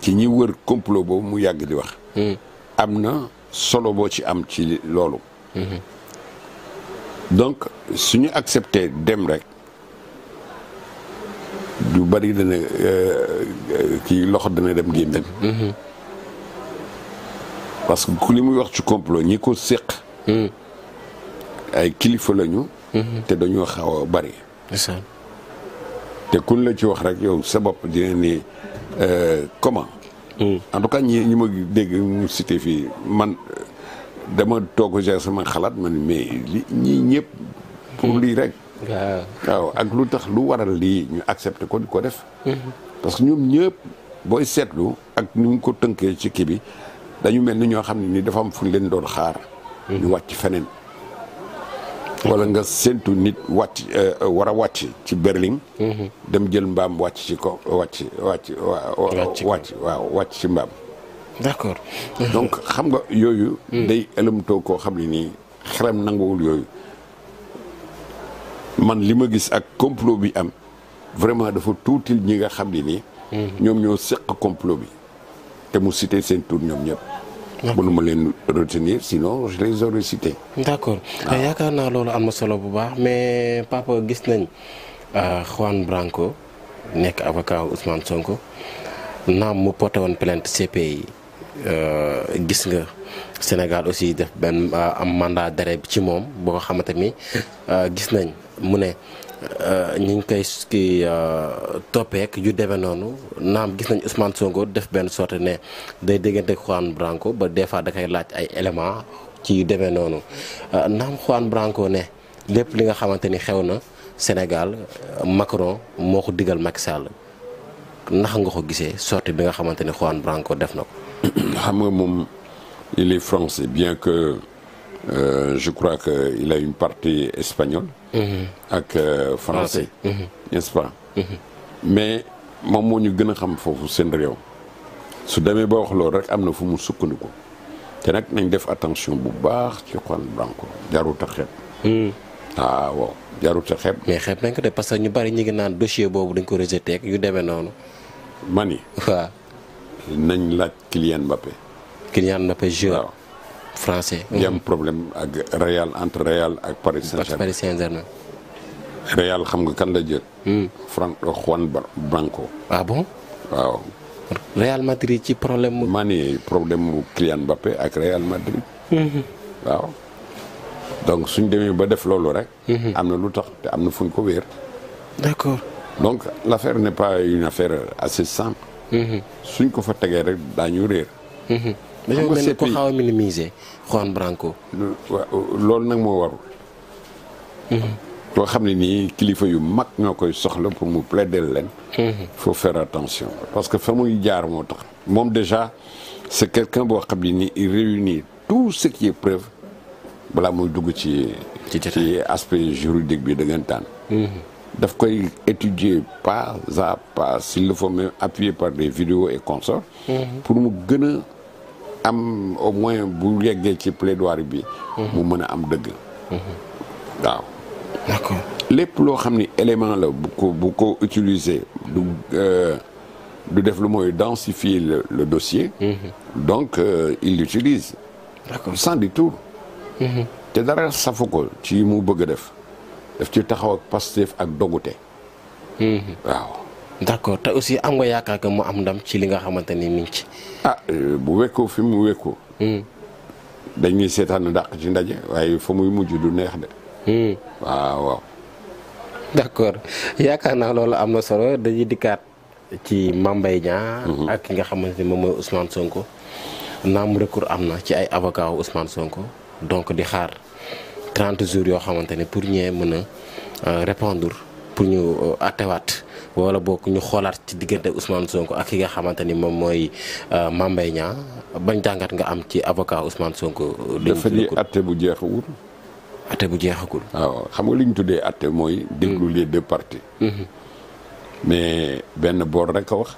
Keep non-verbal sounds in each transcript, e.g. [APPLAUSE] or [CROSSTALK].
ci ñi wër complot boobu mu yàgg di wax. Hmm. am na solo boo ci am ci loolu. Hmm. donc suñu accepté dem rek du bari dana euh, euh, kii loxo dana dem gémmiñ parce que li muy wax ci complot ñi ko séq. Hmm. ay kilifa lañu. te dañoo xaw a bari. te kun la ci wax rek yow sa bopp dina ni euh, comment. Mm. en tout cas ñi ñu ma dégg mu cité fii man dama toog a sama xalaat man mais li ñii ñëpp. pour lii rek. Mm. waaw ak lu tax lu waral lii ñu accepté ko di ko def. Mm-hmm. parce que ñoom ñëpp booy seetlu ak ni mu ko tënkee ci kii bi dañu mel ni ñoo xam ne ni dafa am fu ñu leen doon xaar. Mm-hmm. ñu wàcc feneen. wala nga séntu nit wàcc euh, war a wàcc ci berlin mhm. dem jël mbaam wàcc ci ko wàcc wàcc wàcc waaw wàcc ci mbaam d'accord [LAUGHS] donc xam nga yooyu mm. day ëlëmtoo koo xam ne nii xelam nanguwul yooyu man li ma gis ak complot bi am vraiment dafa tuutil ñi nga xam ni nii mm. ñoom ñoo seq complot bi te mu cité seen tur ñoom ñëpp mënuma leen retenir sinon je les aurais cités. accord ah. yaakaar naa loolu am na solo bu baax mais papa gis nañ euh, Juan Branco nekk avocat Ousmane Sonko naam mu porté woon plainte CPI euh, gis nga Sénégal aussi def benn euh, am mandat d'arrêt bi ci moom boo xamante ni gis nañ mu ne. Euh, ñu ngi koy kii euh, toppeek yu demee noonu naam gis nañ Ousmane songo def benn sorte ne day déggante Juan Branco ba des fois da koy laaj ay élément ci yu demee noonu euh, naam Juan Branco ne lépp li nga xamante ni xew na Sénégal Macron moo ko digal Macky Sall ndax nga ko gisee sorti bi nga xamante ni Juan Branco def na ko. [CLEARS THROAT] xam nga moom il est français Euh, je crois qu'il a une partie espagnole. Mm-hmm. ak euh, français. Mm-hmm. nest mm-hmm. mais moom moo ñu gën a xam foofu seen réew. su demee ba wax loolu rek am na fu mu sukkandiku. te nag nañ def attention bu baax ci Juan Branco jarut a xeeb. Mm. Ah, waaw xep a xeeb. mais nañ ko de parce que ñu bari ñu ngi naan dossier boobu dañ ko rejeté teeg yu demee noonu. mani waaw. nañ laaj Kylian Mbappé. Kylian Mbappé joueur. français. di am problème ak Real entre Real ak Paris saint Real xam nga kan la jël. Hmm. Fran Juan Branco. ah waaw. Real Madrid ci problème mu. maa ni problème mu Kylian Mbappé ak Real Madrid. Hmm. waaw donc suñ demee ba def loolu rek. Hmm. am na lu tax te am na fuñ ko wéer. d'accord donc l'affaire n'est pas une affaire assez suñ ko fa tegee rek daañu réer. dañoo mel ko xaw a minimiser Juan Branco. loolu nag moo warul. loo xam ne nii kilifa yu mag ñoo koy soxla pour mu plaider leen. Mhm. faut faire attention parce que fa muy jaar moo tax. moom déjà c'est quelqu'un boo xam ne nii il réunit tout ce qui est preuve balaa muy dugg ci. ci aspect juridique bi dëggantaan. Mhm. daf koy étudier pas à pas s'il le faut même appuyer par des vidéos et consorts. Mhm. pour mu gën am au moins bu yeggee ci plaidoirie bi. Mhm. mu mën a am dëgg. Mhm. waaw. d'accord loo xam ni élément la bu ko bu ko utiliser du euh, du def lu mooy densifier le, le dossier. Mhm. donc euh, il l'utilise. d'accord sans détour. te dara safu ko ci mu bëgg a def daf ci taxaw ak Pastef ak dogute. waaw. d'accord te aussi am nga yaakaar que mu am ndam ci li nga xamante ni mi ngi ci. ah euh, bu wekkoo fi mu wekkoo. Hmm. dañuy seetaan dàq ci ndaje waaye fa muy mujj du neex de. Hmm. waaw waaw. d'accord yaakaar naa loolu am na solo dañuy dikkaat ci Mame Mbaye Niang. Mhm. ak ki nga xamante ni moom mooy Ousmane Sonko. naam recours am na ci ay avocats Ousmane Sonko donc di xaar trente jours yoo xamante ne pour ñee mën a euh, répondre. pour ñu euh, attewaat wala boog ñu xoolaat ci diggante Ousmane Sonko ak ki nga xamante ni moom mooy euh, Mame Mbaye Niang bañ jàngat nga am ci avocat Ousmane Sonko. dafa di bu jeexagul. bu jeexagul. waaw ah, xam nga li ñu tuddee atte mooy. déglu mm-hmm. les deux parties. Mm-hmm. mais benn boor rek a wax.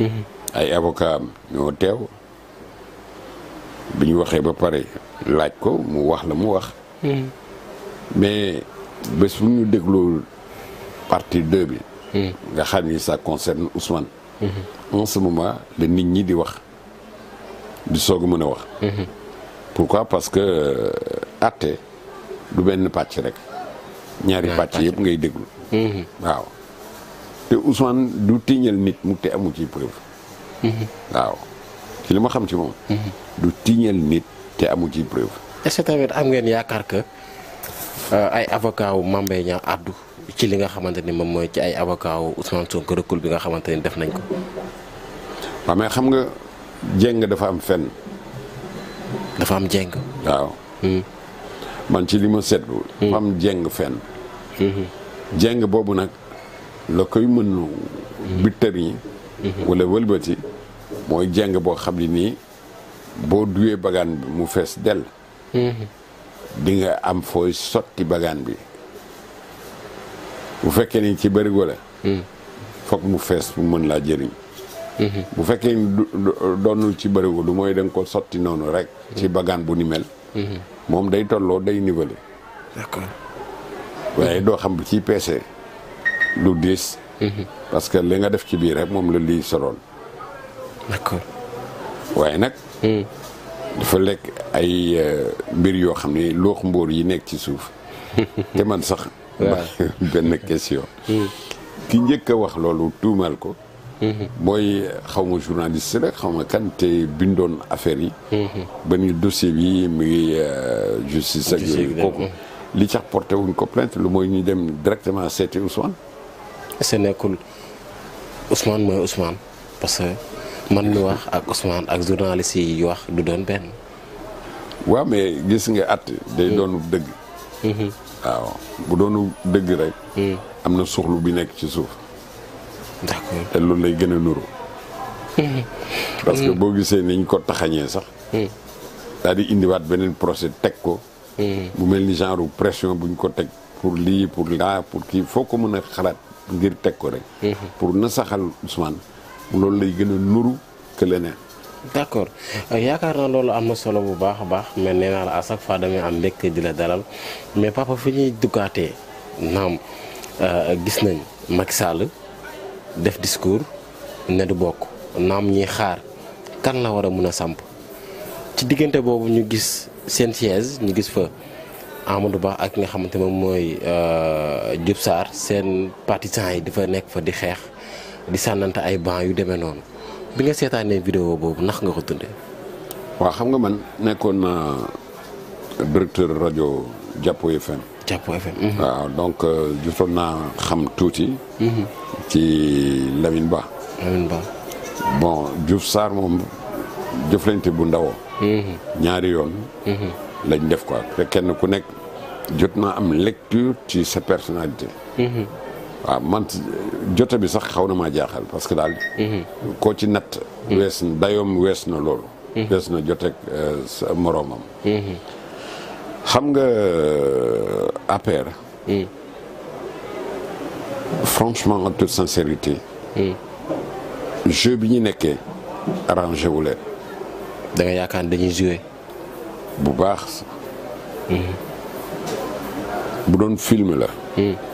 Mm-hmm. ay avocat am ñoo teew. bi ñu waxee ba pare laaj ko mu wax la mu wax. mais bés bu ñu dégloo partie 2 bi. Hmm. nga xam ni ça concerne Ousmane. Hmm. en ce la nit ñi di wax di soog a mën a wax. Hmm. pourquoi parce que àtte euh, du benn pàcc rek. ñaari pàcc yëpp ngay déglu. waaw te Ousmane du tiiñal nit mu te amu ci preuve. waaw ci xam ci moom. du tiiñal nit te amu ci preuve. est-ce tamit am ngeen yaakaar que euh, ay avocat wu Mame Mbaye àddu. ci li nga xamante ni moom mooy ci ay avocat wu Ousmane Sonko bi nga xamante ni def nañ ko. waaw xam nga jéng dafa am fenn. dafa am jéng. waaw. Hmm. man ci li ma seetlu. Hmm. dafa am jéng fenn. Hmm. jéng boobu nag loo koy mën bitter yi wala wëlbati mooy jéng boo xam ni nii boo duwee bagaan bi mu fees dell. di nga am fooy sotti bagaan bi. bu fekkee ni ci bërigo la hmm. mu fees bu mën laa jëriñ hmm. bu fekkee ni doonul ci bërigo du mooy da nga ko sotti noonu rek hmm. ci bagaan bu ni mel moom day tolloo day nivelé d'accord waaye doo xam ci peese lu diis parce que li nga def ci biir rek moom la lii soloon waaye nag dafa lekk ay euh, mbir yoo xam ne loox mbóor yi nekk ci suuf [LAUGHS] te man sax [LAUGHS] benn question. Hmm. ki njëkk a wax loolu tuumal ko. Hmm. mooy xaw ma journaliste rek xaw ma kan te bindoon affaire yi. Hmm. ba ni dossier bi mu ngi euh, justice ak yooyu kooku li tax porté wuñ ko plainte lu mooy ñu dem directement seeti Ousmane. est nekkul Ousmane mooy Ousmane parce que man mi wax ak Ousmane ak journaliste yi wax du doon benn. waaw mais gis nga at. day doon dëgg. waaw bu doonu dëgg rek. Hmm. am na suuxlu bi nekk ci suuf. te loolu lay gën a nuru. Hmm. parce que hmm. boo gisee niñ ko taxañee sax. daal di indiwaat beneen procès teg ko. bu mel ni genre pression buñ ko teg pour lii pour laa pour kii foo ko mën a xalaat ngir teg ko rek. pour nasaxal Ousmane loolu lay gën a nuru que d' accord euh, yaakaar naa loolu am na solo bu baax a baax mais nee naa la à chaque fois damay am mbégte di la dalal mais papa fu ñuy duggaatee naam euh, gis nañ Macky Sall def discours ne du bokk naam ñuy xaar kan la war a mun a samp ci diggante boobu ñu gis seen chaise ñu gis fa Amadou baax ak nga xamante moom mooy euh, Diouf Sarr seen partisans yi dafa nekk fa di xeex di sànnante ay banc yu demee noonu. bi nga seetaanee vidéo boobu ndax nga ko dundee. waaw xam nga man nekkoon na directeur rajo Jàppo FM. Jàppo FM. Mhm. waaw donc euh, jotoon naa xam tuuti. Mhm. ci Lamine Ba. Lamine Ba. bon Diouf Sarr moom jëflante bu ndawoo. Mhm. ñaari yoon. lañ def quoi te kenn ku nekk jot naa am lecture ci sa personnalité. waaw ah, man jote bi sax xaw na maa jaaxal parce que daal. koo ci natt. wees na dayoom wees na lool wees na joteeg euh, sa moroomam. xam nga euh, appair franchement en toute sincérité. jeu bi ñu nekkee arrangé wu danga da nga yaakaar dañuy jouer. bu baax. bu doon film la.